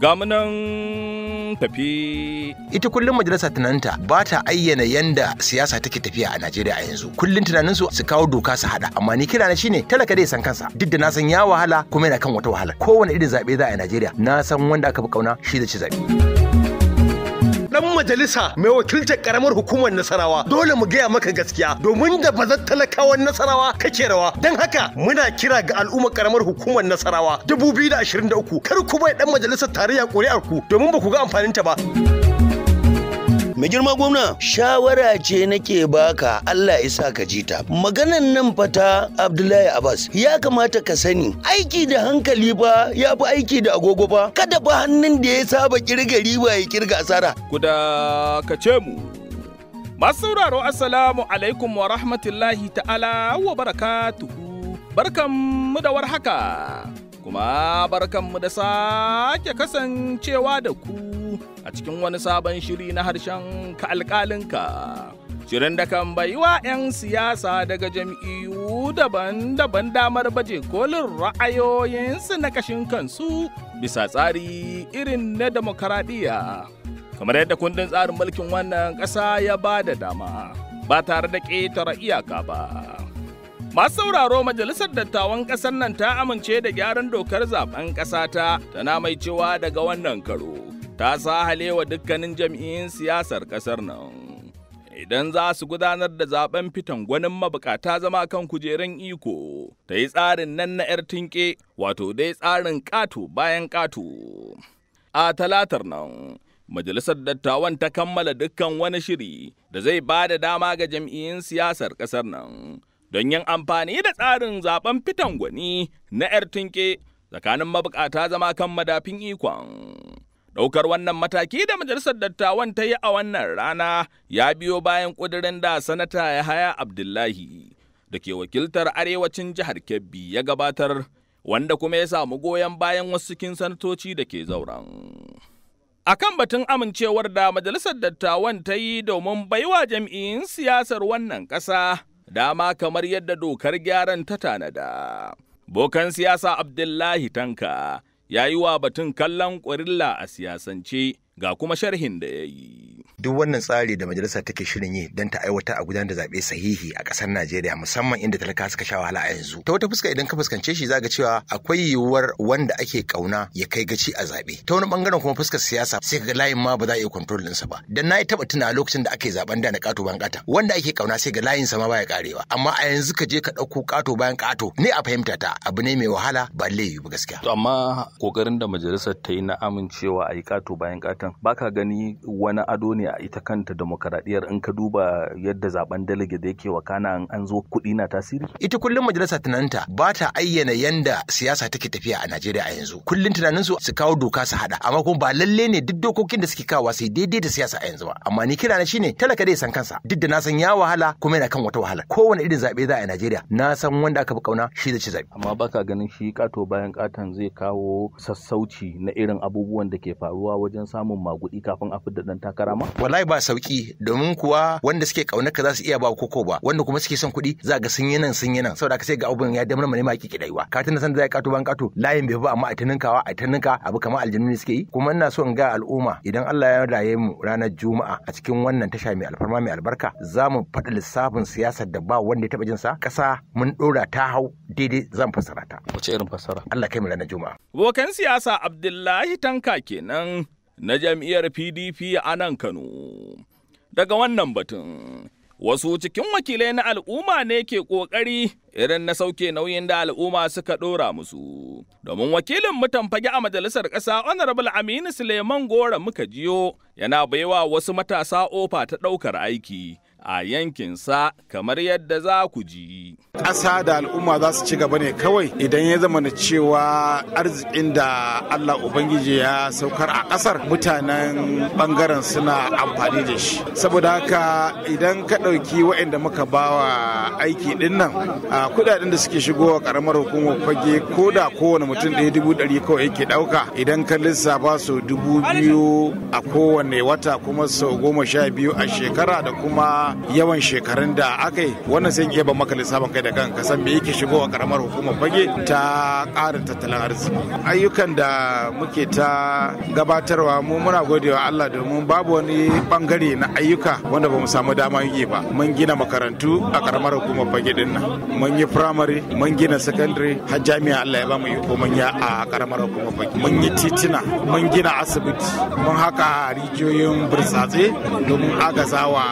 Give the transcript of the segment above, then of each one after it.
ga munan tafi ita kullum majalisa tunaninta ba ta ayyana yanda siyasa take tafiya a Najeriya a yanzu kullum tunanin su su kawo doka su hada amma ni kira na shine talaka dai san kansa duk da na san ya wahala kuma yana kan wata wahala kowane irin zaɓe za a Najeriya na san wanda aka fi kauna shi da ci zabe dan majalisa mai wakiltar karamar hukumar Nasarawa dole mu gaya maka gaskiya domin da bazar talakawan Nasarawa kake rawa dan haka muna kira ga al'ummar karamar hukumar Nasarawa 2023 kar ku bai dan majalisar tarayya kuri'ar ku domin ba ku ga amfanin ta ba. mai girma gwamna shawara ce nake baka Allah ya sa ka ji ta maganan nan fata Abdullahi Abbas ya kamata ka sani aiki da hankali ba ya fi aiki da agogo ba. kada ba hannun da ya saba kirga riba ya kirga asara guda ka ce mu masu sauraro assalamu alaikum wa rahmatullahi ta'ala wa barakatuhu barkan mu da warhaka kuma barkan mu da sake kasancewa da ku a cikin wani sabon shiri na harshen ka alkalinka, Shirin da kan baiwa 'yan siyasa daga jam'iyyu daban-daban damar baje kolin ra'ayoyinsu na kashin kansu bisa tsari irin na demokaradiyya. Kamar yadda kundin tsarin mulkin wannan ƙasa ya ba da dama, ba tare da ƙetare iyaka ba. Masu sauraro majalisar dattawan ƙasar nan ta amince da gyaran dokar zaben ƙasa ta tana mai cewa daga wannan karo. ta sahalewa dukkanin jam'iyyun siyasar ƙasar nan. Idan za su gudanar da zaben fitan gwanin mabukata zama kan kujeran iko, ta yi tsarin nan na 'yar tinke, wato dai tsarin ƙato bayan ƙato. A talatar nan, Majalisar Dattawan ta kammala dukkan wani shiri da zai ba da dama ga jam'iyyun siyasar ƙasar nan don yin amfani da tsarin zaben fitan gwani na 'yar tinke tsakanin mabukata zama kan madafin ikon. Ɗaukar wannan mataki da Majalisar Dattawan ta yi a wannan rana ya biyo bayan ƙudirin da Sanata ya haya Abdullahi da ke wakiltar arewacin jihar Kebbi ya gabatar wanda kuma ya samu goyon bayan wasu cikin sanatoci da ke zauren. A kan batun amincewar da Majalisar Dattawan ta yi domin baiwa jam'iyyun siyasar wannan ƙasa dama kamar yadda dokar gyaran ta tanada. Bokan siyasa Abdullahi Tanka ya yi wa batun kallon ƙwarilla a siyasance ga kuma sharhin da ya yi. duk wannan tsari da majalisa take shirin yi don ta aiwata a gudanar da zaɓe sahihi a ƙasar Najeriya musamman inda talaka suka sha wahala a yanzu. Ta wata fuska idan ka fuskance shi ga cewa akwai yiwuwar wanda ake ƙauna ya kai gaci a zaɓe. Ta wani ɓangaren kuma fuskar siyasa sai ka ga layin ma ba za a iya control ɗinsa ba. Dan na yi taɓa tuna a lokacin da ake zaɓen da na ƙato bayan ƙata wanda ake ƙauna sai ga layin sama baya ƙarewa. amma a yanzu ka je ka ɗauko ƙato bayan ƙato ni a fahimta ta abu ne mai wahala ba laifi ba gaskiya. amma kokarin da majalisar ta yi na amincewa a yi ƙato bayan ƙatan baka gani wani ado ne a ita kanta demokaradiyyar in ka duba yadda zaben dalage da yake wa in an zo kuɗi na tasiri ita kullum majalisa tunanta ba ta ayyana yanda siyasa take tafiya a Najeriya a yanzu kullum tunanin su su kawo doka su haɗa amma kuma ba lalle ne duk dokokin da suke kawo sai daidai da siyasa a yanzu ba amma ni kira na shine talaka dai san kansa duk da na san ya wahala kuma yana kan wata wahala kowane irin zabe za a Najeriya na san wanda aka fi kauna shi zai ci zabe amma baka ganin shi kato bayan katan zai kawo sassauci na irin abubuwan da ke faruwa wajen samun magudi kafin a fidda dan takara ma wallahi ba sauki domin kuwa wanda suke kaunar ka za su iya ba koko ba wanda kuma suke son kuɗi za ga sun yi nan sun yi nan saboda ka sai ga abun ya damar mane ma kike daiwa ka tana san da zai kato ban kato layin bai ba amma a tanninkawa a tanninka abu kamar aljannu ne suke yi kuma ina so in ga al'umma idan Allah ya raye mu ranar juma'a a cikin wannan tasha mai alfarma mai albarka za mu faɗi lissafin siyasar da ba wanda ya taɓa jin sa ƙasa mun ɗora ta hau daidai zan fassara ta wace irin fassara Allah kai mu ranar juma'a bokan siyasa Abdullahi Tanka kenan na jam'iyyar PDP a nan Kano. Daga wannan batun, wasu cikin wakilai na al'umma ne ke ƙoƙari irin na sauke nauyin da al'umma suka ɗora musu. Domin wakilin mutan fage a majalisar ƙasa Honorable Aminu Suleiman Gora muka jiyo yana baiwa wasu matasa ofa ta ɗaukar aiki a yankinsa kamar yadda za ku ji. ƙasa da al'umma za su ci gaba ne kawai idan ya zama na cewa arzikin da allah ubangiji ya saukar a ƙasar mutanen bangaren suna amfani da shi saboda haka idan ka ɗauki waɗanda muka bawa aiki ɗin nan kuɗaɗen da suke shigowa ƙaramar hukumar fage ko da kowane mutum ɗaya dubu ɗari kawai yake ɗauka idan ka lissafa su dubu biyu a kowane wata kuma sau goma sha biyu a shekara da kuma yawan shekarun da aka yi wannan sai iya ba maka lissafa kamun kai da kan ka san me yake a karamar hukumar fage ta ƙarin tattalin arziki ayyukan da muke ta gabatarwa mu muna godewa Allah domin babu wani bangare na ayyuka wanda ba mu samu dama yi ba mun gina makarantu a karamar hukumar fage din nan mun yi primary mun gina secondary har jami'a Allah ya ba mu yi ko mun ya a karamar hukumar fage mun yi titina mun gina asibiti mun haka rijiyoyin burtsatse domin agazawa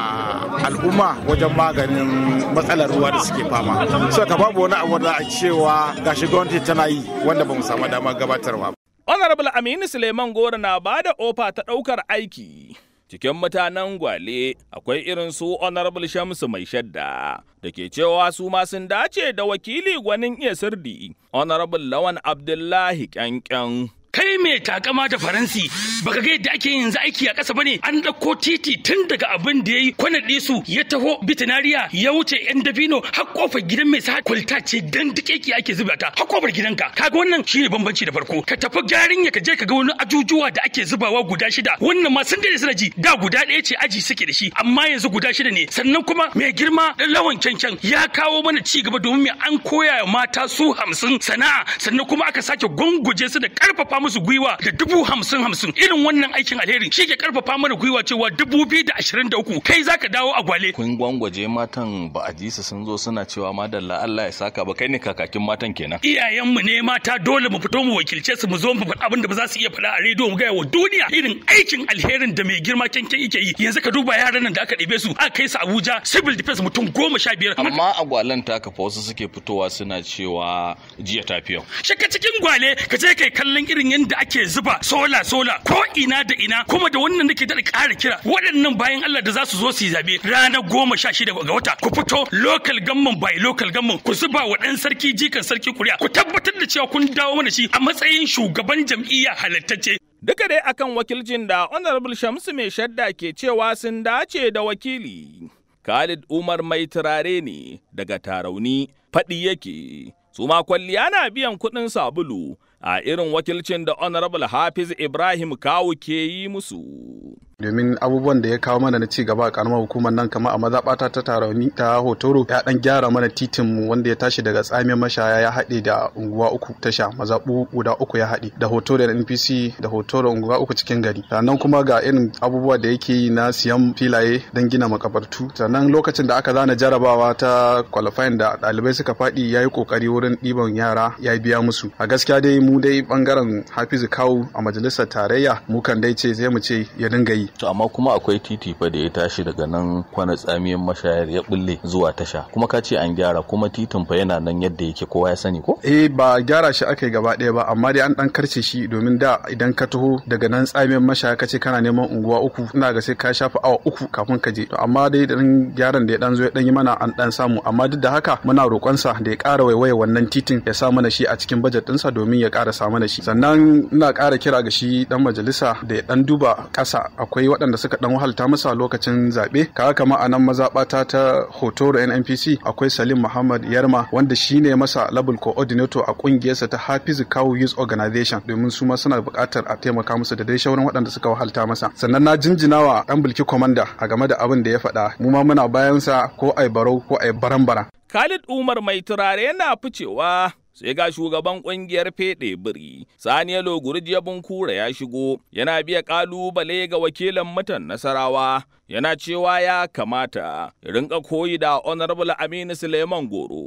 al'umma wajen maganin matsalar ruwa da suke fa fama so ka babu wani abu da a cewa gashi gwamnati tana yi wanda ba mu samu damar gabatarwa ba. honorable aminu suleiman gora na ba da ofa ta ɗaukar aiki cikin mutanen gwale akwai irin su honorable shamsu mai shadda da ke cewa su ma sun dace da wakili gwanin iya sirdi honorable lawan abdullahi kyankyan kai mai takama da faransi baka ga yadda ake yanzu aiki a ƙasa ne? an ɗauko titi tun daga abin da ya yi kwanaɗe su ya taho bitinariya ya wuce yan dabino har kofar gidan mai sa kwalta ce dan dukeki ake zuba ta har kofar gidanka kaga wannan shine bambanci da farko ka tafi garin ya ka je ka ga wani ajujuwa da ake zubawa guda shida wannan ma sun daina suna ji da guda ɗaya ce aji suke da shi amma yanzu guda shida ne sannan kuma mai girma lawan cancan ya kawo mana ci gaba domin mai an koya mata su hamsin sana'a sannan kuma aka sake gunguje su da ƙarfafa musu gwiwa da dubu hamsin hamsin irin wannan aikin alheri shi ke karfafa mana gwiwa cewa dubu biyu da ashirin da uku kai za ka dawo a gwale. kun gwangwaje matan ba a jisa sun zo suna cewa madalla Allah ya saka ba kai ne kakakin matan kenan. iyayenmu ne mata dole mu fito mu wakilce su mu zo mu faɗa abin da ba za su iya faɗa a rediyo mu gaya wa duniya irin aikin alherin da mai girma kyankyan yake yi yanzu ka duba yaran nan da aka ɗebe su aka kai su Abuja civil defense mutum goma sha biyar. amma a gwalen ta kafa wasu suke fitowa suna cewa jiya ta fiyo. shaka cikin gwale ka je kai kallon irin irin yadda ake zuba sola sola ko ina da ina kuma da wannan nake daɗa ƙara kira waɗannan bayan Allah da za su zo su yi zaɓe ranar goma sha shida ga wata ku fito local gamman by lokal gamman ku zuba wa ɗan sarki jikan sarki kuriya ku tabbatar da cewa kun dawo mana shi a matsayin shugaban jam'iyya halittacce. Duka dai akan wakilcin da Honorable Shamsu mai shadda ke cewa sun dace da wakili. Khalid Umar mai turare ne daga tarauni faɗi yake, Suma kwalliya na biyan kuɗin sabulu a irin wakilcin da honorable hafiz ibrahim kawu ke yi musu domin abubuwan da ya kawo mana na ci gaba a karamar hukumar nan kamar a mazabata ta taroni ta hotoro ya dan gyara mana titin mu wanda ya tashi daga tsamin mashaya ya haɗe da unguwa uku tasha mazaɓu guda uku ya haɗe da hotoro da npc da hotoro unguwa uku cikin gari sannan kuma ga irin abubuwa da yake yi na siyan filaye don gina makabartu sannan lokacin da aka zana jarabawa ta qualifying da ɗalibai suka faɗi ya yi ƙoƙari wurin ɗiban yara ya biya musu a gaskiya dai mu dai ɓangaren hafizu kawu a majalisar tarayya mu kan dai ce sai mu ce ya dinga yi to amma kuma akwai titi fa da ya tashi daga nan kwana tsamiyan mashayar ya bulle zuwa tasha kuma ka ce an gyara kuma titin fa yana nan yadda yake kowa ya sani ko eh ba gyara shi aka yi gaba ɗaya ba amma dai an dan karce shi domin da idan ka taho daga nan tsamiyan mashaya ka ce kana neman unguwa uku ina ga sai ka shafa awa uku kafin ka je to amma dai dan gyaran da ya dan zo ya dan yi mana an dan samu amma duk da haka muna sa da ya ƙara waiwaye wannan titin ya sa mana shi a cikin bajet din sa domin ya ƙara sa mana shi sannan ina ƙara kira ga shi dan majalisa da ya dan duba ƙasa akwai akwai waɗanda suka dan wahalta masa a lokacin zaɓe kaga kama a nan mazaɓata ta hotoro nnpc akwai salim muhammad yarma wanda shi ne masa labul coordinator a ƙungiyarsa ta hafiz kawo youth organization domin su ma suna buƙatar a taimaka musu da dai shauran waɗanda suka wahalta masa sannan na jinjinawa ɗan bulki commander a game da abin da ya faɗa mu ma muna bayansa ko ai barau ko ai barambara Khalid Umar mai turare yana ficewa sai ga shugaban kungiyar fede biri saniyalo gurji bunkura ya shigo yana biya kalubale ga wakilan mutan nasarawa yana cewa ya kamata rinka koyi da honorable aminu suleiman goro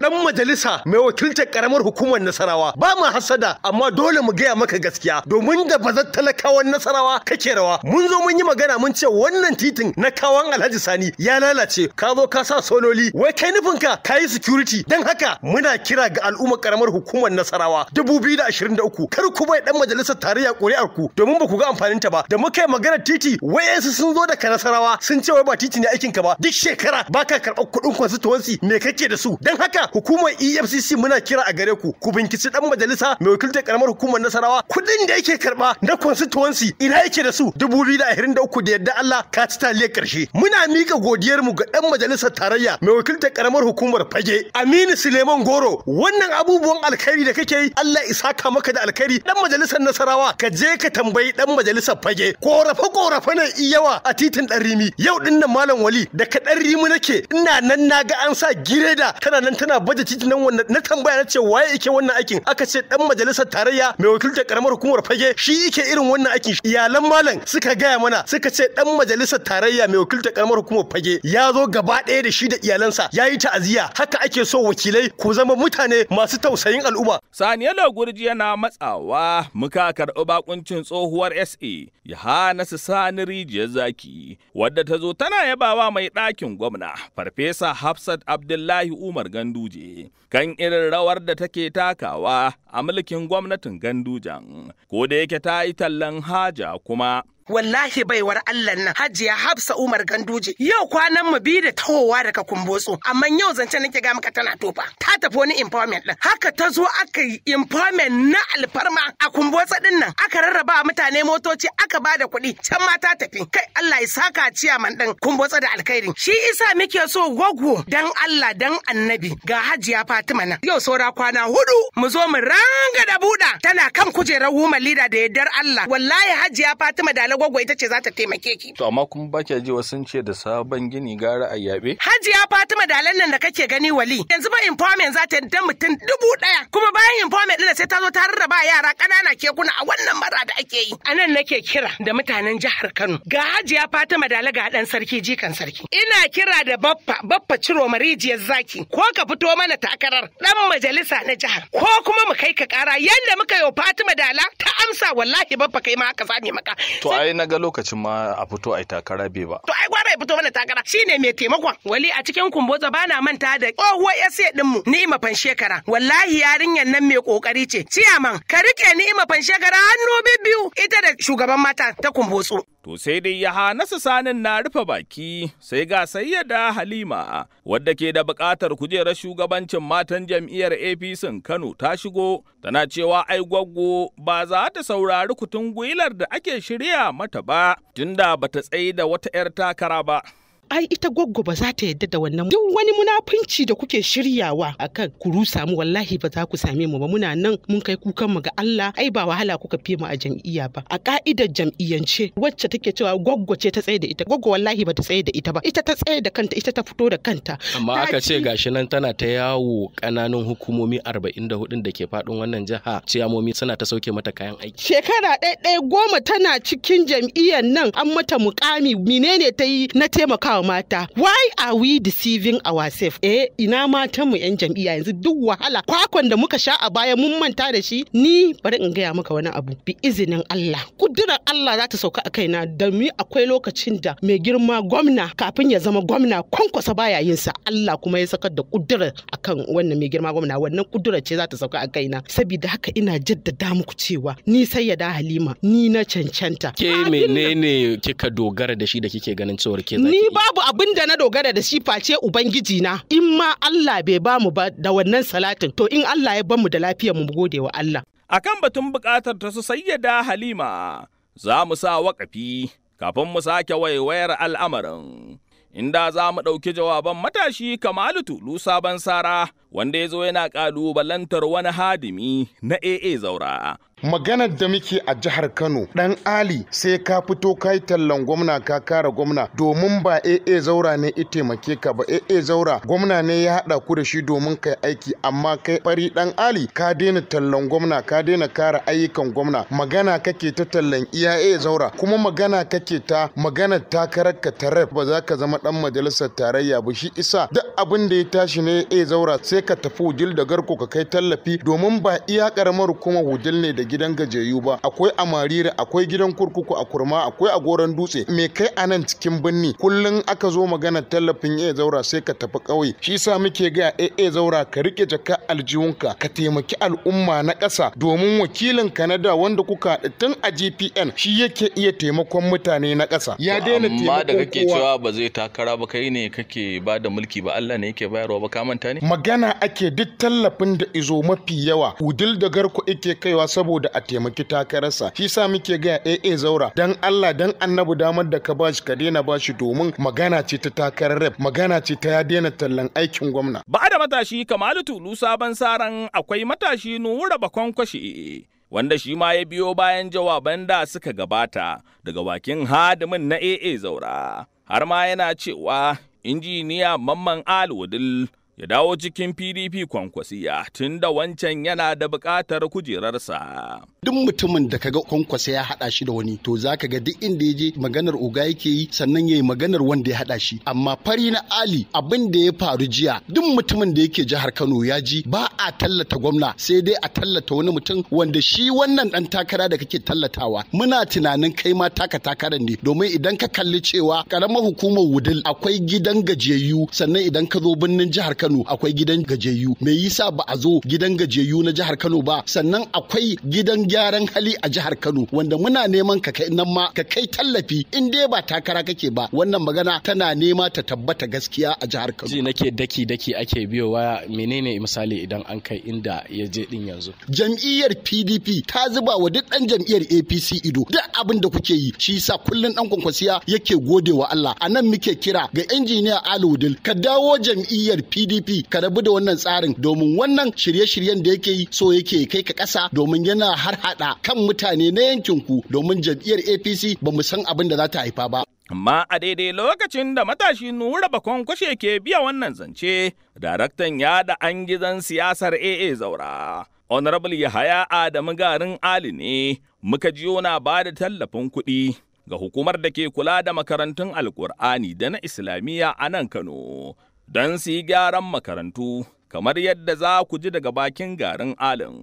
dan majalisa mai wakiltar karamar hukumar Nasarawa ba mu hasada amma dole mu gaya maka gaskiya domin da bazar talakawan Nasarawa kake rawa mun zo mun yi magana mun ce wannan titin na kawan Alhaji Sani ya lalace ka zo ka sa sololi wai kai nufin ka yi security dan haka muna kira ga al'umma karamar hukumar Nasarawa 2023 kar ku bai dan majalisar tarayya ƙuri'ar ku domin ba ku ga amfaninta ba da muka yi magana titi yansu sun zo daga Nasarawa sun ce wai ba titi ne aikin ka ba duk shekara baka karɓar kuɗin constituency me kake da su dan haka hukumar EFCC muna kira a gare ku ku binkici dan majalisa mai wakiltar karamar hukumar Nasarawa kudin da yake karba na constituency ina yake da su 2023 da yadda Allah ka ci taliya karshe muna mika godiyar mu ga dan majalisar tarayya mai wakiltar karamar hukumar Fage Aminu Suleiman Goro wannan abubuwan alkhairi da kake yi Allah isa isaka maka da alkhairi dan majalisar Nasarawa ka je ka tambayi dan majalisar Fage korafe korafe ne iyawa a titin dan Rimi yau din nan malam Wali da ka dan Rimi nake ina nan naga an sa gireda tana nan tana baje titi nan wannan na tambaya na ce waye yake wannan aikin aka ce dan majalisar tarayya mai wakiltar karamar hukumar fage shi yake irin wannan aikin iyalan malam suka gaya mana suka ce dan majalisar tarayya mai wakiltar karamar hukumar fage ya zo gaba ɗaya da shi da iyalansa ya yi ta'aziyya haka ake so wakilai ku zama mutane masu tausayin al'umma. Saniyalo Gurji yana matsawa muka karɓi bakuncin tsohuwar SA ya hana su sani rijiyar zaki wadda ta zo tana yabawa mai ɗakin gwamna farfesa Hafsat Abdullahi Umar Gandu Ganduje kan irin rawar da take takawa a mulkin gwamnatin Gandujan, ko da yake ta yi tallan haja kuma wallahi baiwar Allah nan Hajiya Hafsa Umar Ganduje yau kwanan mu bi da tawowa daga kumbotso amma yau zance nake ga maka tana tofa ta tafi wani empowerment din haka ta zo aka yi empowerment na alfarma a kumbotso din nan aka rarraba mutane motoci aka ba da kuɗi can ma ta tafi kai Allah ya saka ciya man din kumbotso da alkhairi shi isa muke so gogo dan Allah dan annabi ga Hajiya Fatima nan yau saura kwana hudu mu zo mu ranga da buɗa tana kan kujerar woman leader da yardar Allah wallahi Hajiya Fatima da gogo ita ce za ta taimake ki. To amma kuma ba ji wasu ce da sabon gini gara a yabe. Hajiya Fatima dalan nan da kake gani wali yanzu ba informant za ta yi dan mutum dubu ɗaya kuma bayan informant ɗin sai ta zo ta rarraba yara ƙanana kekuna a wannan mara da ake yi. A nan nake kira da mutanen jihar Kano ga Hajiya Fatima Dala ga ɗan sarki jikan sarki. Ina kira da baffa baffa ciro marijiyar zaki ko ka fito mana takarar dan majalisa na jihar ko kuma mu kai ka kara yanda muka yi Fatima Dala ta amsa wallahi baffa kai ma haka zame maka. To ai na ga lokacin ma a fito ai takara bai ba to ai gwa bai fito mana takara shine mai taimakon wali a cikin kumboza bana manta da tsohuwar yase din mu ni'ima fan shekara wallahi yarinyar nan mai kokari ce ciyaman ka rike ni'ima fan shekara hannu bibbiyu ita da shugaban mata ta kumbotsu To sai dai ya sanin na rufe baki sai ga sayyada Halima wadda ke da bukatar kujerar shugabancin matan jam'iyyar APC Kano ta shigo tana cewa ai gwaggo ba za ta saurari kutun gwilar da ake shirya mata ba tunda bata tsaye da wata 'yar takara ba. ai ita goggo ba za ta yadda da wannan duk wani munafunci da kuke shiryawa akan ku rusa mu wallahi ba za ku same mu ba muna nan mun kai kukan mu ga Allah ai ba wahala kuka fi mu a jam'iyya ba a ka'idar jam'iyyance wacce take cewa goggo ce ta tsaye da ita goggo wallahi ba ta tsaye da ita ba ita ta tsaye da kanta ita ta fito da kanta amma aka ce gashi nan tana ta yawo kananun hukumomi 44 da ke fadin wannan jiha ciyamomi suna ta sauke mata kayan aiki shekara ɗaya ɗaya goma tana cikin jam'iyyar nan an mata mukami menene ta yi na taimakawa wa mata why are we deceiving ourselves eh ina matan mu yan jam'iyya yanzu duk wahala kwakwan da muka sha a baya mun manta da shi ni bari in gaya maka wani abu bi izinin Allah kudurar Allah za ta sauka a kaina da mu akwai lokacin da mai girma gwamna kafin ya zama gwamna kwankwasa baya yin sa Allah kuma ya sakar da kudurar akan wannan mai girma gwamna wannan kudurar ce za ta sauka a kaina saboda haka ina jaddada muku cewa ni sayyada Halima ni na cancanta ke menene kika dogara da shi da kike ganin cewa ke za ni ba babu abin da na dogara da shi face ubangiji na in ma Allah bai ba mu ba da wannan salatin to in Allah ya mu da lafiya mu gode wa Allah akan batun bukatar ta su sayyada Halima za mu sa waƙafi kafin mu sake waiwayar al'amarin inda za mu ɗauki jawaban matashi Kamalu Tulu Sabon Sara wanda ya zo yana ƙalubalantar wani hadimi na AA Zaura. maganar da muke a jihar kano dan ali sai ka fito ka tallan gwamna ka kara gwamna domin ba aa zaura ne i taimake ka ba aa zaura gwamna ne ya haɗa ku da shi domin kai aiki amma kai bari dan ali ka daina tallan gwamna ka daina kara ayyukan gwamna magana kake ta tallan iya aa zaura kuma magana kake ta magana takarar ka ta ba za ka zama dan majalisar tarayya ba shi isa duk abin da ya tashi ne aa zaura sai sai ka tafi wudil da garko ka kai tallafi domin ba iya karamar kuma wudil ne da gidan gajeyu ba akwai amarira akwai gidan kurkuku a kurma akwai agoran dutse me kai anan cikin birni kullum aka zo magana tallafin iya zaura sai ka tafi ƙauye shi sa muke ga iya zaura ka rike jaka aljihunka ka taimaki al'umma na ƙasa domin wakilin Kanada wanda kuka haɗu tun a GPN shi yake iya taimakon mutane na ƙasa ya daina amma da kake cewa ba zai takara ba kai ne kake ba da mulki ba Allah ne yake bayarwa ba ka manta ne magana ake duk tallafin da izo mafi yawa wudil da garko ike kaiwa saboda a taimaki takararsa shi sa muke gaya AA eh, eh, zaura dan Allah dan Annabu, damar da ka bashi ka daina bashi domin magana ce ta takarar rep magana ce ta ya daina tallan aikin gwamna ba da matashi Kamalu Tulu sabon saran akwai matashi bakon kwashe. wanda shi ma ya biyo bayan jawaban da suka gabata daga bakin hadimin na AA zaura har ma yana cewa injiniya mamman Al-Wudil. ya dawo cikin PDP kwankwasiya tun da wancan yana da bukatar kujerarsa. Duk mutumin da kaga kwankwasa ya haɗa shi da wani to za ka ga duk inda ya je maganar oga yake yi sannan ya yi maganar wanda ya haɗa shi. Amma fari na Ali abin da ya faru jiya duk mutumin da yake jihar Kano ya ji ba a tallata gwamna sai dai a tallata wani mutum wanda shi wannan ɗan takara da kake tallatawa muna tunanin kai ma taka takarar ne domin idan ka kalli cewa karamar hukumar Wudil akwai gidan gajiyayyu sannan idan ka zo birnin jihar Kano Kano akwai gidan gajeyu me yasa ba a zo gidan gajeyu na jihar Kano ba sannan akwai gidan gyaran hali a jihar Kano wanda muna neman ka kai nan ma ka kai tallafi in dai ba takara kake ba wannan magana tana nema ta tabbata gaskiya a jihar Kano ji nake daki daki ake biyowa menene misali idan an kai inda ya je din yanzu jam'iyyar PDP ta zuba wa duk dan jam'iyyar APC ido duk abin da kuke yi shi yasa kullun dan kwankwasiya yake gode wa Allah anan muke kira ga injiniya Aludil ka dawo jam'iyyar PDP PDP ka rabu da wannan tsarin domin wannan shirye-shiryen da yake yi so yake kai ka ƙasa domin yana har hada kan mutane na yankin ku domin jam'iyyar APC ba mu san abin da za ta haifa ba. Amma a daidai lokacin da matashi Nura Bakon kwashe ke biya wannan zance, daraktan da an gizan siyasar AA zaura. Honorable Yahaya Adamu Garin Ali ne muka jiyo na ba da tallafin kuɗi ga hukumar da ke kula da makarantun Alkur'ani da na Islamiyya a nan Kano don su yi gyaran makarantu kamar yadda za ku ji daga bakin garin alin.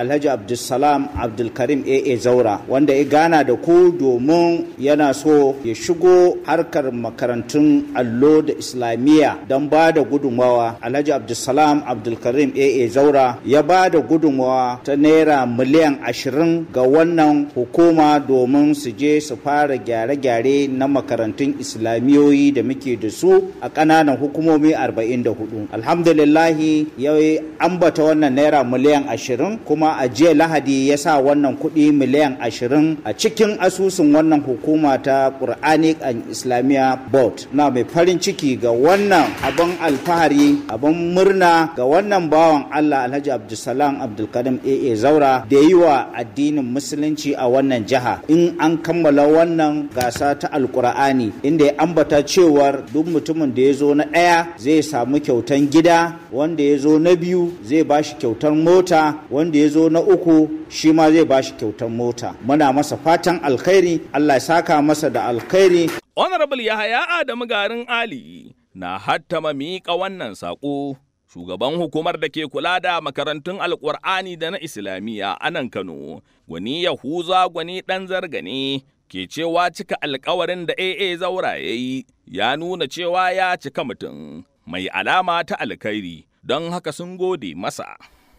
Alhaji Abdulsalam Abdulkarim AA Zaura wanda ya gana da ku domin yana so ya shigo harkar makarantun allo da islamiyya don ba da gudunmawa. Alhaji Abdulsalam Abdulkarim AA Zaura ya ba da gudunmawa ta naira miliyan ashirin ga wannan hukuma domin su je su fara gyare-gyare na makarantun islamiyoyi da muke da su a ƙananan hukumomi 44. Alhamdulillah abdullahi ya ambata wannan naira miliyan ashirin kuma a jiya lahadi ya sa wannan kuɗi miliyan ashirin a cikin asusun wannan hukuma ta quranic and islamia board na mai farin ciki ga wannan abin alfahari abin murna ga wannan bawan allah alhaji abdulsalam abdulkarim aa zaura da yi wa addinin musulunci a wannan jiha in an kammala wannan gasa ta alkur'ani inda ya ambata cewar duk mutumin da ya zo na ɗaya zai samu kyautan gida wanda ya zo na biyu zai ba shi kyautar mota wanda ya zo na uku shi ma zai ba shi kyautar mota muna masa fatan alkhairi allah ya saka masa da alkhairi honorable yahaya adamu garin ali na hattama miƙa wannan saƙo shugaban hukumar da ke kula da makarantun alƙur'ani da na islamiyya a nan kano gwani yahuza gwani ɗan zargane ke cewa cika alkawarin da AA zaura ya yi ya nuna cewa ya cika mutum mai alama ta alkhairi don haka sun gode masa.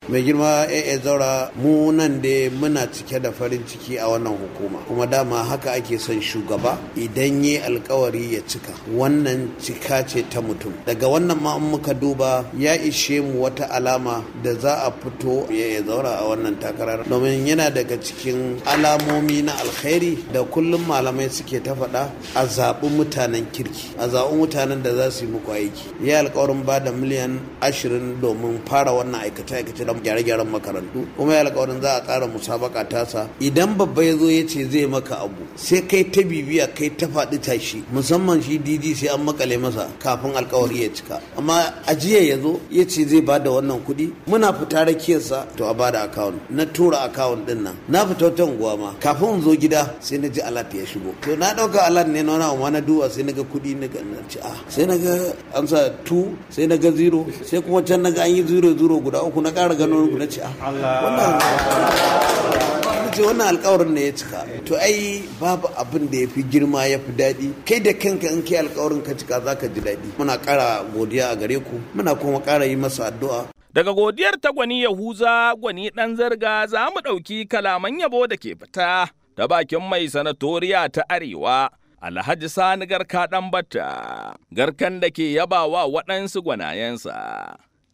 mai girma AA zaura mu nan da muna cike da farin ciki a wannan hukuma kuma dama haka ake son shugaba idan ya alkawari ya cika wannan cika ce ta mutum daga wannan ma muka duba ya ishe mu wata alama da za a fito ya zaura a wannan takarar domin yana daga cikin alamomi na alkhairi da kullum malamai suke ta faɗa a zaɓi mutanen kirki a zaɓi mutanen da za su yi muku aiki ya alkawarin ba da miliyan ashirin domin fara wannan aikace-aikace gyare-gyaren makarantu kuma ya alƙawarin za a tsara musabaka tasa idan babba ya zo ya ce zai maka abu sai kai ta bibiya kai ta faɗi tashi musamman shi didi sai an makale masa kafin alkawari ya cika amma ajiya ya zo ya ce zai ba da wannan kuɗi muna fita rakiyarsa to a bada akawun na tura akawun din nan na fita ta unguwa ma kafin in zo gida sai na ji alat ya shigo to na ɗauka alat ne na wani na duwa sai na ga kuɗi na ga ci a ah. sai na ga an sa 2 sai na ga 0 sai kuma can na ga an yi 0 0 guda uku na ƙara gano ku na ce ah, wannan alkawarin ne ya cika to ai babu abin da ya fi girma ya fi daɗi kai da kanka in kai alkawarin ka cika za ka ji daɗi muna ƙara godiya a gare ku muna kuma ƙara yi masa addu'a Daga godiyar ta gwani Yahuza gwani ɗan zarga za mu ɗauki kalaman yabo da ke fita da bakin mai sanatoriya ta Arewa. Alhaji Sani garka ɗan batta, garkan da ke yabawa waɗansu gwanayensa,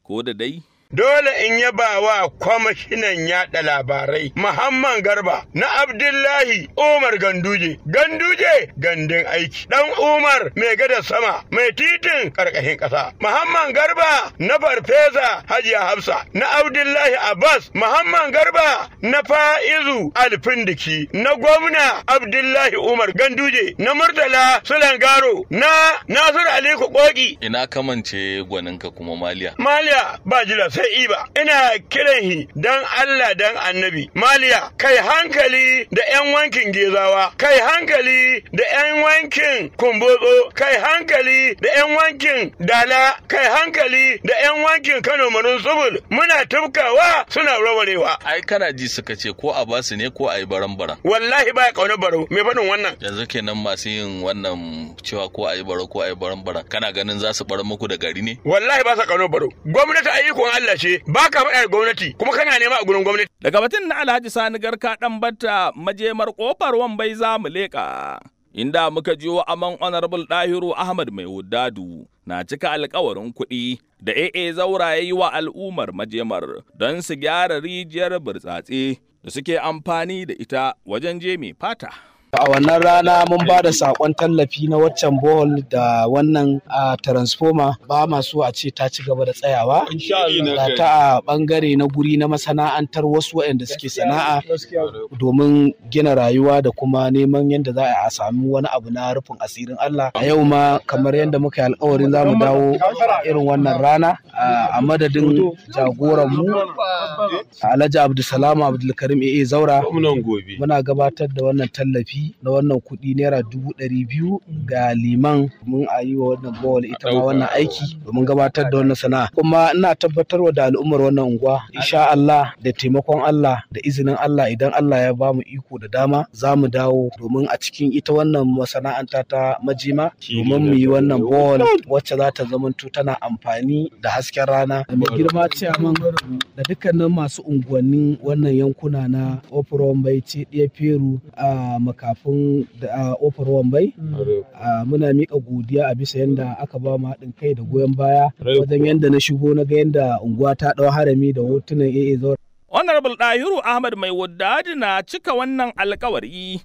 ko da dai dole in yaba wa kwamashinan yaɗa labarai Muhammad Garba na Abdullahi Umar Ganduje. Ganduje gandun aiki. Dan Umar mai gada sama mai titin ƙarƙashin ƙasa. Muhammad Garba na Farfesa Hajiya Hafsa na Abdullahi Abbas Muhammad Garba na Fa'izu Alfindiki na gwamna Abdullahi Umar Ganduje na Murtala Sulangaro na Nasiru Aliko Koki. Ina kamance gwaninka kuma Maliya. Maliya ba jilasa. ta iba ina kiran shi dan Allah dan annabi maliya kai hankali da yan wankin gezawa kai hankali da yan wankin kumbotso kai hankali da yan wankin dala kai hankali da yan wankin Kano Marun Subul muna tubkawa suna rawarewa ai kana ji suka ce ko a basu ne ko a yi baran-baran wallahi ba kauna baro me faɗin wannan yanzu kenan masu yin wannan cewa ko a yi baro ko a yi baran-baran kana ganin za su bar muku da gari ne wallahi ba sa kauna baro gwamnati ayyukan Allah ba ka faɗa gwamnati kuma kana nema a gurin gwamnati. Daga batun na Alhaji Sani Garka ɗan batta majemar ƙofar wambai za mu leƙa. Inda muka jiwo aman Honorable Dahiru Ahmad Mai Wudadu na cika alkawarin kuɗi da AA Zaura ya yi wa al'ummar majemar don su gyara rijiyar burtsatse da suke amfani da ita wajen je mai fata. A wannan rana mun ba da sakon tallafi na waccan bohol da wannan a transformer ba masu a ce ta ci gaba da tsayawa. Da ta a bangare na guri na masana'antar wasu waɗanda suke sana'a domin gina rayuwa da kuma neman yadda za a sami wani abu na rufin asirin Allah. A yau ma kamar yadda muka yi alkawarin za mu dawo irin wannan rana a madadin jagoranmu Alhaji Abdulsalam Abdulkarim AA Zaura. Muna gabatar da wannan tallafi shi na wannan kuɗi naira dubu ɗari biyu ga liman Mun a yi wa wannan bawal ita ma wannan aiki domin gabatar da wannan sana'a kuma ina tabbatar wa da al'ummar wannan unguwa insha Allah da taimakon Allah da izinin Allah idan Allah ya bamu iko da dama za mu dawo domin a cikin ita wannan masana'anta ta majima domin mu yi wannan bawal wacce za ta zamanto tana amfani da hasken rana da mai girma ciyaman da dukkanin masu unguwannin wannan yankuna na ofuron baici ɗaya feru a maka kafin da ofar wambai mm. muna mika godiya a bisa yadda aka ba mu haɗin kai da goyon baya wajen yadda na shigo na ga yadda unguwa ta ɗau harami da hotunan AA zaura. Honorable Dahiru Ahmad Mai Waddaji na cika wannan alkawari.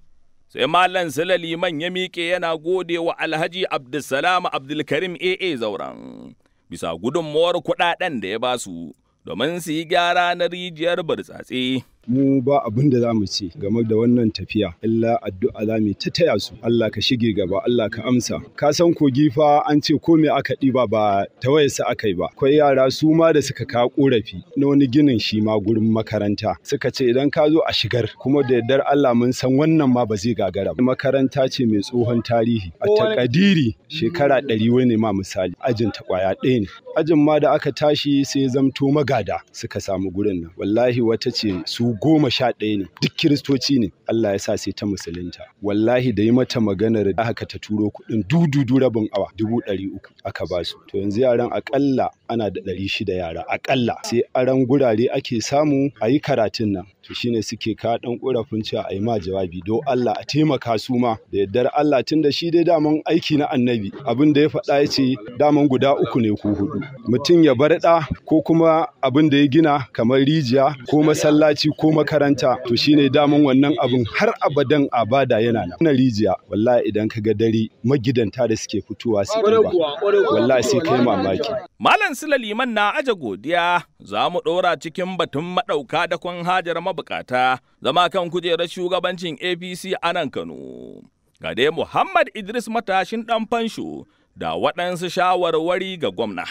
Sai Malam Sula man ya miƙe yana gode wa Alhaji Abdulsalam Abdulkarim AA zauran Bisa gudunmuwar kuɗaɗen da ya basu domin su yi gyara na rijiyar burtsatse. mu ba abin da za mu ce game da wannan tafiya illa addu'a za mu ta taya su Allah ka shige gaba Allah ka amsa ka san kogi fa an ce ko me aka ɗiba ba ta waye su aka yi ba akwai yara su ma da suka ka korafi na wani ginin shi ma gurin makaranta suka ce idan ka zo a shigar kuma da yardar Allah mun san wannan ma ba zai gagara ba makaranta ce mai tsohon tarihi a takadiri shekara ɗari wani ma misali ajin ta kwaya ɗaya ne ajin ma da aka tashi sai zamto magada suka samu gurin nan wallahi wata ce su goma sha ɗaya ne duk kiristoci ne Allah ya sa sai ta musulunta wallahi da yi mata maganar da haka ta turo kuɗin dududu rabin awa dubu ɗari uku aka ba su to yanzu yaran akalla ana da ɗari shida yara akalla sai aran gurare ake samu a yi karatun nan to shine suke ka dan kurafin cewa yi ma jawabi don Allah a taimaka su ma da yaddar Allah tun da shi dai daman aiki na annabi abin da ya faɗa ya ce daman guda uku ne ko hudu mutum ya bar da ko kuma abin da ya gina kamar rijiya ko masallaci ko makaranta to shine daman wannan abin har abadan abada yana nan na rijiya wallahi idan ka ga dare magidanta da suke fitowa su ba wallahi sai kai mamaki malam sula liman na aje godiya za mu ɗora cikin batun maɗauka da kun hajar mabukata zama kan kujerar shugabancin apc a nan kano ga dai muhammad idris matashin ɗan fansho da waɗansu shawarwari ga gwamna.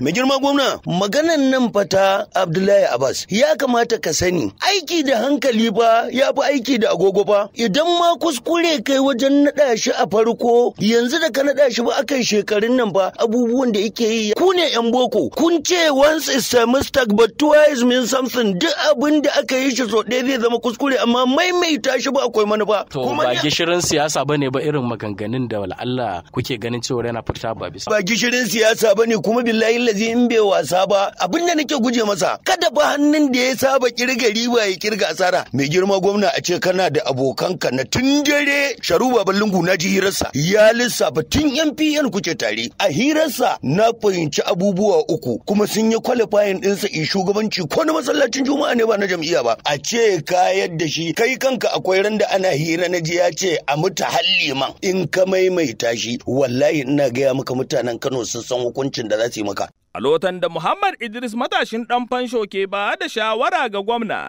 Mai girma gwamna, maganan nan fata Abdullahi Abbas ya kamata ka sani aiki da hankali ba ya fi aiki da agogo ba. Idan ma kuskure kai wajen naɗa shi a farko yanzu da ka naɗa shi ba akan shekarun nan ba abubuwan da yake yi. Ku ne 'yan boko, kun ce once is a mistake but twice means something duk abin da aka yi shi so ɗaya zai zama kuskure amma maimaita shi ba akwai manufa. To ba gishirin siyasa ba ne ba irin maganganun da wala. Allah kuke ganin cewa yana furta ba bisa. Ba gishirin siyasa ba ne kuma billahi lazi in bai wasa ba abin da nake guje masa kada ba hannun da ya saba kirga riba ya kirga asara mai girma gwamna a ce kana da abokanka na tun dare sharuba ballungu na ji hirarsa ya lissafa tun 'yan fiyan kuke tare a hirarsa na fahimci abubuwa uku kuma sun yi kwalifayin ɗinsa in shugabanci ko na masallacin juma'a ne ba na jam'iyya ba a ce ka yadda shi kai kanka akwai randa ana hira na ji ya ce a muta halli man in ka maimaita shi wallahi ina gaya maka mutanen kano sun san hukuncin da za su yi maka a lotan da Muhammad Idris matashin ɗan fansho ke ba da shawara ga gwamna.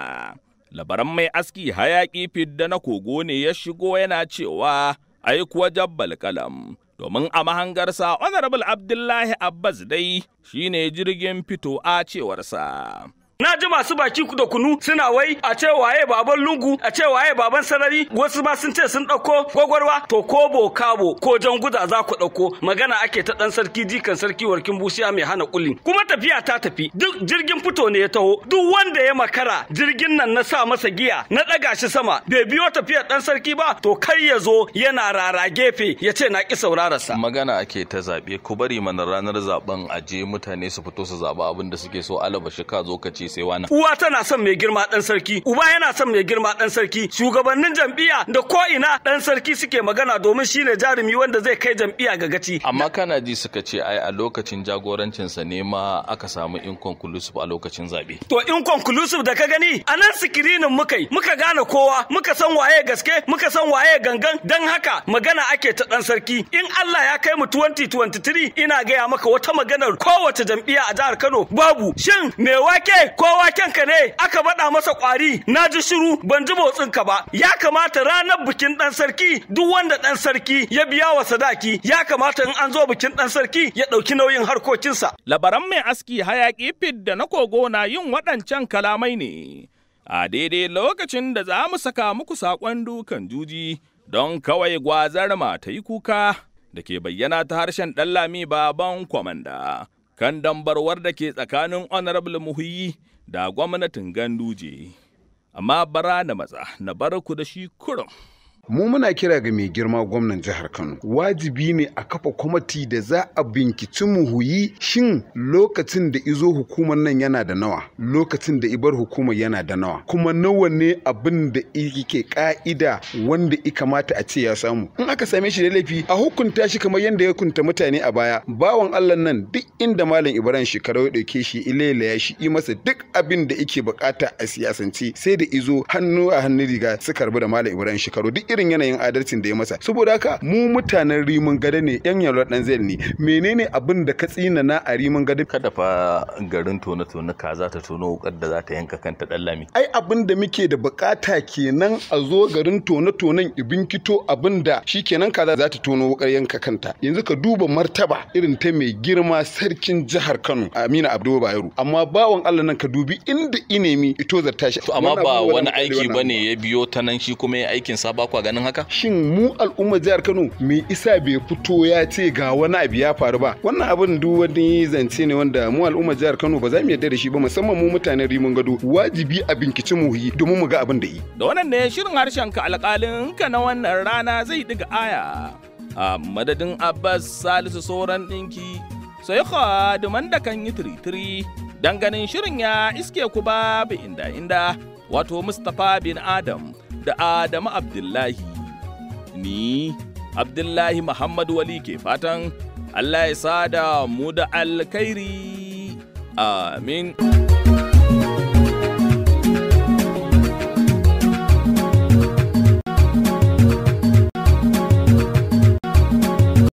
Labaran mai aski hayaƙi fidda na kogo ne ya shigo yana cewa ai kuwa jabbal kalam. Domin a mahangarsa Honorable Abdullahi Abbas dai shine jirgin fito a cewarsa. Na ji masu baki da kunu suna wai a ce waye baban lungu a ce waye baban sarari wasu ma sun ce sun ɗauko gwagwarwa to ko bo kabo ko jan guda za ku ɗauko magana ake ta ɗan sarki jikan sarki warkin busiya mai hana kulin kuma tafiya ta tafi duk jirgin fito ne ya taho duk wanda ya makara jirgin nan na sa masa giya na ɗaga shi sama bai biyo tafiyar ɗan sarki ba to kai ya zo yana rara gefe ya ce na ƙi saurararsa. Magana ake ta zaɓe ku bari mana ranar zaɓen aje mutane su fito su zaɓa abin da suke so alaba shi ka zo ka ce sai wani. Uwa tana son mai girma ɗan sarki, uba yana son mai girma ɗan sarki, shugabannin jam'iyya da ko ina ɗan sarki suke magana domin shi ne jarumi wanda zai kai jam'iyya ga gaci. Amma kana ji suka ce ai a lokacin jagorancinsa ne ma aka samu inconclusive a lokacin zaɓe. To inconclusive da ka gani a nan sikirinin muka yi muka gane kowa muka san waye gaske muka san waye gangan dan haka magana ake ta ɗan sarki in Allah ya kai mu 2023 ina gaya maka wata maganar kowace jam'iyya a jihar Kano babu shin me wake kowa kyanka ne aka baɗa masa ƙwari na ji shiru ban ji motsin ka ba ya kamata ranar bikin ɗan sarki duk wanda ɗan sarki ya biya wa sadaki ya kamata in an zo bikin ɗan sarki ya ɗauki nauyin harkokinsa. Labaran mai aski hayaƙi fit da na kogo na yin waɗancan kalamai ne. A daidai lokacin da za mu saka muku saƙon dukan juji don kawai gwazar ta yi kuka da ke bayyana ta harshen ɗan Lami baban kwamanda. Kan dambarwar da ke tsakanin Honorable Muhuyi da gwamnatin ganduje amma bara na matsa na bar ku da shi kurum mu muna kira ga mai girma gwamnan jihar kano wajibi ne a kafa kwamati da za a binkici muhuyi shin lokacin da izo hukumar nan yana da nawa lokacin da ibar hukumar yana da nawa kuma nawa ne abin da yake ka'ida wanda i kamata a ce ya samu in aka same shi da laifi a hukunta shi kamar yadda ya kunta mutane a baya bawan allah nan duk inda malam ibrahim Shekaru ya dauke shi ilailaya shi yi masa duk abin da yake bukata a siyasance sai da izo hannu a hannu riga suka rabu da malam ibrahim shekaru duk irin yanayin adalcin da ya masa saboda haka mu mutanen rimin gada ne yan yalwar dan zel ne menene abin da ka tsina na a rimin gada kada fa garin tona tona ka za ta tono wukar da za ta yanka kanta dan lami ai abin da muke da bukata kenan a zo garin tona tonan ibin kito abin da shikenan kaza za ta tono wukar yanka kanta yanzu ka duba martaba irin ta mai girma sarkin jihar Kano Amina Abdul Bayero amma bawan Allah nan ka dubi inda inemi ito zarta shi to amma ba wani aiki bane ya biyo ta nan shi kuma ya aikin sa ba kwa ganin haka shin mu al'ummar jihar Kano me isa bai fito ya ce ga wani abu ya faru ba wannan abin duk wani zance ne wanda mu al'ummar jihar Kano ba za mu yarda da shi ba musamman mu mutanen Rimin Gado wajibi a binkici mu yi domin mu ga abin da yi da wannan ne shirin harshen ka alƙalin ka na wannan rana zai diga aya a madadin Abbas Salisu sauran ɗinki sai duman da kan yi tiritiri dan ganin shirin ya iske ku babu inda inda wato Mustapha bin Adam da Adamu Abdullahi. Ni, Abdullahi Muhammadu Wali ke fatan Allah ya sada mu da alkhairi. Amin.